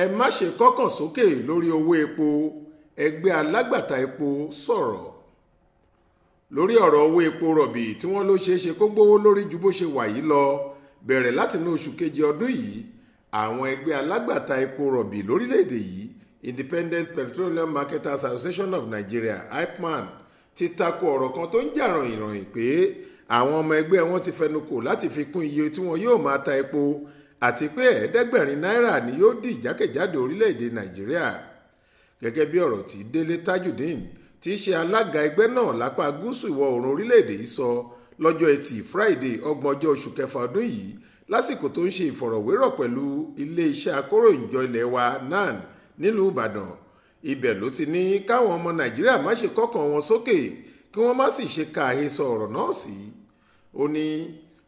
ẹ má ṣe kọ́kàn sókè lórí owó epo ẹgbẹ́ alágbàtà epo sọ̀rọ̀ lórí ọ̀rọ̀ owó epo rọ̀bì tí wọ́n ló ṣeé ṣe kó gbówó lórí ju bó ṣe wà yìí lọ bẹ̀rẹ̀ látinú oṣù kejì ọdún yìí àwọn ẹgbẹ́ alágbàtà epo rọ̀bì lórílẹ̀‐èdè yìí Independent Petroleum Marketers Association of Nigeria IPMAN ti tako ọ̀rọ̀ kan tó ń jà ràyìnràyìn pé àwọn ọmọ ẹgbẹ́ wọn ti fẹnu kò láti fi kún iye tí wọn yóò máa ta epo àti pé ẹ̀ẹ́dẹ́gbẹ̀rin náírà ni yóò di ìjákèjádò orílẹ̀-èdè nàìjíríà gẹ́gẹ́ bí ọ̀rọ̀ tí délé tajudeen tí í ṣe alága ẹgbẹ́ náà lápá gúúsù ìwọ̀ oòrùn orílẹ̀-èdè yìí sọ lọ́jọ́ ẹtì friday ọgbọ̀njọ́ oṣù kẹfà ọdún yìí lásìkò tó ń ṣe ìfọ̀rọ̀wérọ̀ pẹ̀lú iléeṣẹ́ akóròyìnjọ ilẹ̀ wa nan nílùú ìbàdàn ibẹ̀ ló ti ní káwọn ọmọ nàìjíríà má ṣe kọ́kàn wọn sókè kí wọ́n má sì ṣe ka àhesọ ọ̀rọ̀ náà sí ó ní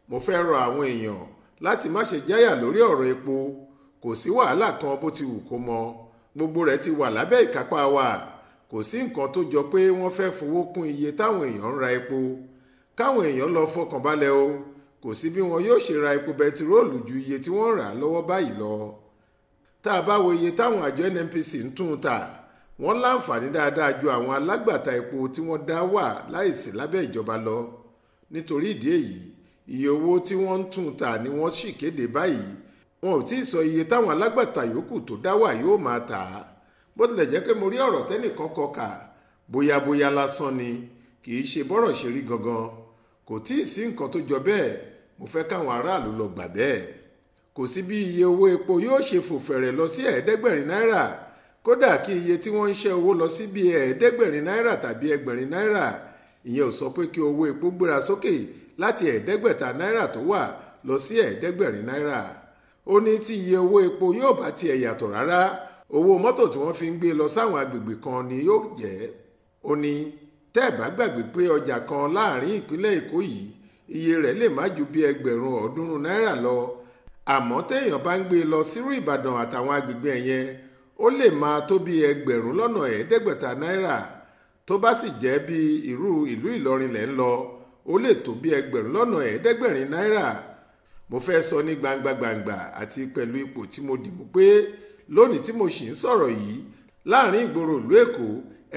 mo fẹ́ rọ àwọn èèyàn láti má ṣe jáyà lórí ọ̀rọ̀ epo kò sí wàhálà kan bó ti wù kó mọ gbogbo rẹ̀ ti wà lábẹ́ ìkápá wa kò sí nǹkan tó jọ pé wọ́n fẹ́ fowó kún iye táwọn èèyàn ń ra epo káwọn èèyàn lọ fọkàn balẹ̀ o kò sí bí wọn yóò ṣe ra epo bẹtiróòlù ju iye tí wọ́n rà lọ́wọ́ báyìí lọ tá a bá wo iye táwọn àjọ NNPC ń tún un ta wọ́n láǹfààní dáadáa ju àwọn alágbàtà epo tí wọ́n dá wà láìsí lábẹ́ ìjọba lọ nítorí ìdí èyí iye owó tí wọ́n ń tún tà ni wọ́n sì kéde báyìí wọn ò tí ì sọ iye táwọn alágbàtà yòókù tó dá wà yóò máa tà á bó tilẹ̀ jẹ́ pé mo rí ọ̀rọ̀ tẹ́nìkan kọ kà bóyá bóyá lásán ni kì í ṣe bọ́rọ̀ ṣe rí gangan kò tí ì sí nǹkan tó jọ bẹ́ẹ̀ mo fẹ́ káwọn aráàlú lọ gbà bẹ́ẹ̀ kò sí bí iye owó epo yóò ṣe fò fẹ̀rẹ̀ lọ sí ẹ̀ẹ́dẹ́gbẹ̀rin náírà kódà kí iye tí wọ́n ń ṣe owó lọ sí bíi ẹ̀ẹ́dẹ́gbẹ̀rin náírà tàbí ẹgbẹ̀rin náírà ìyẹn ò sọ pé kí owó epo gbéra sókè láti ẹ̀ẹ́dẹ́gbẹ̀ta náírà tó wà lọ sí ẹ̀ẹ́dẹ́gbẹ̀rin náírà ó ní tí iye owó epo yóò bá tiẹ̀ yàtọ̀ rárá owó mọ́tò tí wọ́n fi ń gbé lọ sáwọn agbègbè kan ni yóò jẹ́ ó ní tẹ́ ẹ̀ bá gbàgbé pé ọjà kan láàrin ìpínlẹ̀ Èkó yìí iye rẹ̀ lè má ju bí ẹgbẹ̀rún ọ̀ọ́dúnrún náírà lọ àmọ́ téèyàn bá ń gbé lọ sírú Ìbàdàn àtàwọn agbègbè yẹn ó lè máa tó bí ẹgbẹ̀rún lọ́nà ẹ̀ẹ́dẹ́gbẹ̀ta náírà tó bá sì jẹ́ bí irú ìlú Ìlọrin lẹ́ ń lọ ó lè tó bí ẹgbẹ̀rún lọ́nà ẹ̀ẹ́dẹ́gbẹ̀rin náírà mo fẹ́ sọ ní gbangba gbangba àti pẹ̀lú ipò tí mo dìbò pé lónìí tí mo sì ń sọ̀rọ̀ yìí láàrin ìgboro ìlú èkó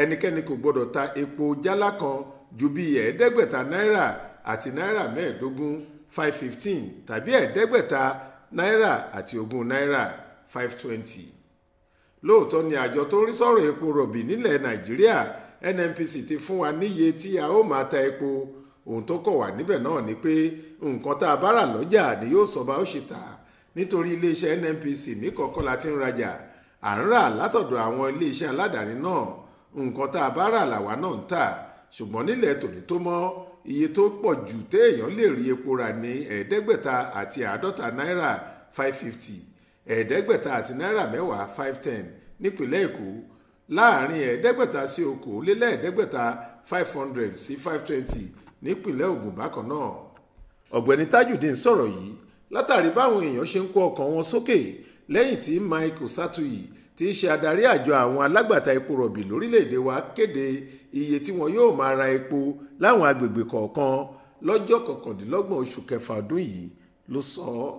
ẹnikẹ́ni kò gbọ́dọ̀ ta epo jálá kan ju bí ẹ̀ẹ́dẹ́gbẹ̀ta náírà àti náírà mẹ́ẹ̀ẹ́dógún five fifteen tàbí ẹ̀ẹ́dẹ́gbẹ̀ta náírà àti ogún náírà five twenty. lóòótọ́ ni àjọ tó ń rí sọ̀rọ̀ epo rọ̀bì nílẹ̀ nàìjíríà NNPC ti fún wa níye tí a ó máa ta epo ohun tó kọ̀ wà níbẹ̀ náà ni pé nǹkan tá a bá rà lọ́jà ni yóò sọ bá ó ṣe tà nítorí iléeṣẹ́ NNPC níkọ̀ọ́kọ́ la ti ń rajà à ń rà látọ̀dọ̀ àwọn iléeṣẹ́ aládàáni náà nǹkan tá a bá rà làwa náà ń tà ṣùgbọ́n nílẹ̀ tòní tó mọ́ iye tó pọ̀ jù téèyàn lè rí epo rà ní ẹ̀ẹ́dẹ́gbẹ̀ta àti àádọ́ta náírà five fifty ẹ̀ẹ́dẹ́gbẹ̀ta àti náírà mẹ́wàá five ten nípínlẹ̀ Èkó láàrin ẹ̀ẹ́dẹ́gbẹ̀ta sí okòólélẹ́ẹ̀ẹ́dẹ́gbẹ̀ta five hundred sí five twenty nípìnlẹ̀ Ògùn bákan náà ọ̀gbẹ́ni Tajudeen sọ̀rọ̀ yìí látàrí báwọn èèyàn ṣe ń kó ọkàn wọn sókè lẹ́yìn tí Michael Satuyi tí í ṣe adarí àjọ àwọn alágbàtà epo rọ̀bì lórílẹ̀‐èdè wa kéde iye tí wọn yóò máa ra epo láwọn agbègbè kọ̀ọ̀kan lọ́jọ́ kọkàndínlọ́gbọ̀n oṣù kẹfà ọdún yìí ló sọ ọ́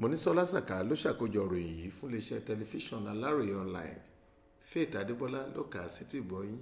Mọ́nísọ́lá Sàká ló ṣàkójọ ìròyìn yìí fún iléeṣẹ́ tẹlifíṣàn Aláròye online Faith Adébọ́lá ló kà á sétí ìgbọ́ yín.